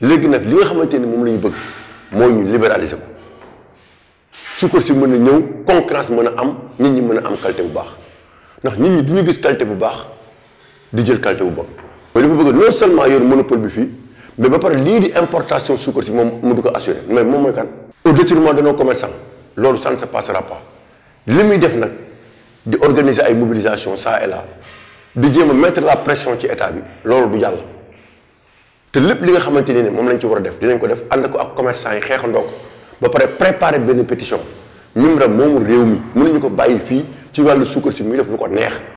léegi nak li nga xamante mom lañu bëgg mooy ñu libéraliser ko suukar si mëna ñëw concurrence mëna am nit ñi mëna am qualité bu baax ndax nit ñi duñu gis qualité bu baax di jël qualité bu bon. mais li ko bëgg non seulement yor monopole bi fi mais ba pare li di importation suukar si mom mu di assurer mais mom moy kan. au détriment de nos commerçants lolu ça ne se passera pas li muy def nak di organiser ay mobilisation ça et là di jëm a mettre la pression ci état bi lolu du jàll. te lépp li nga xamante ne moom lañ ci war a def dinañ ko def ànd ko ak commerçant yi xeexandoo ko ba pare préparer benn pétition Mimran moomu réew mi mun nañu ko bàyyi fii ci wàllu suukar si muy def lu ko neex.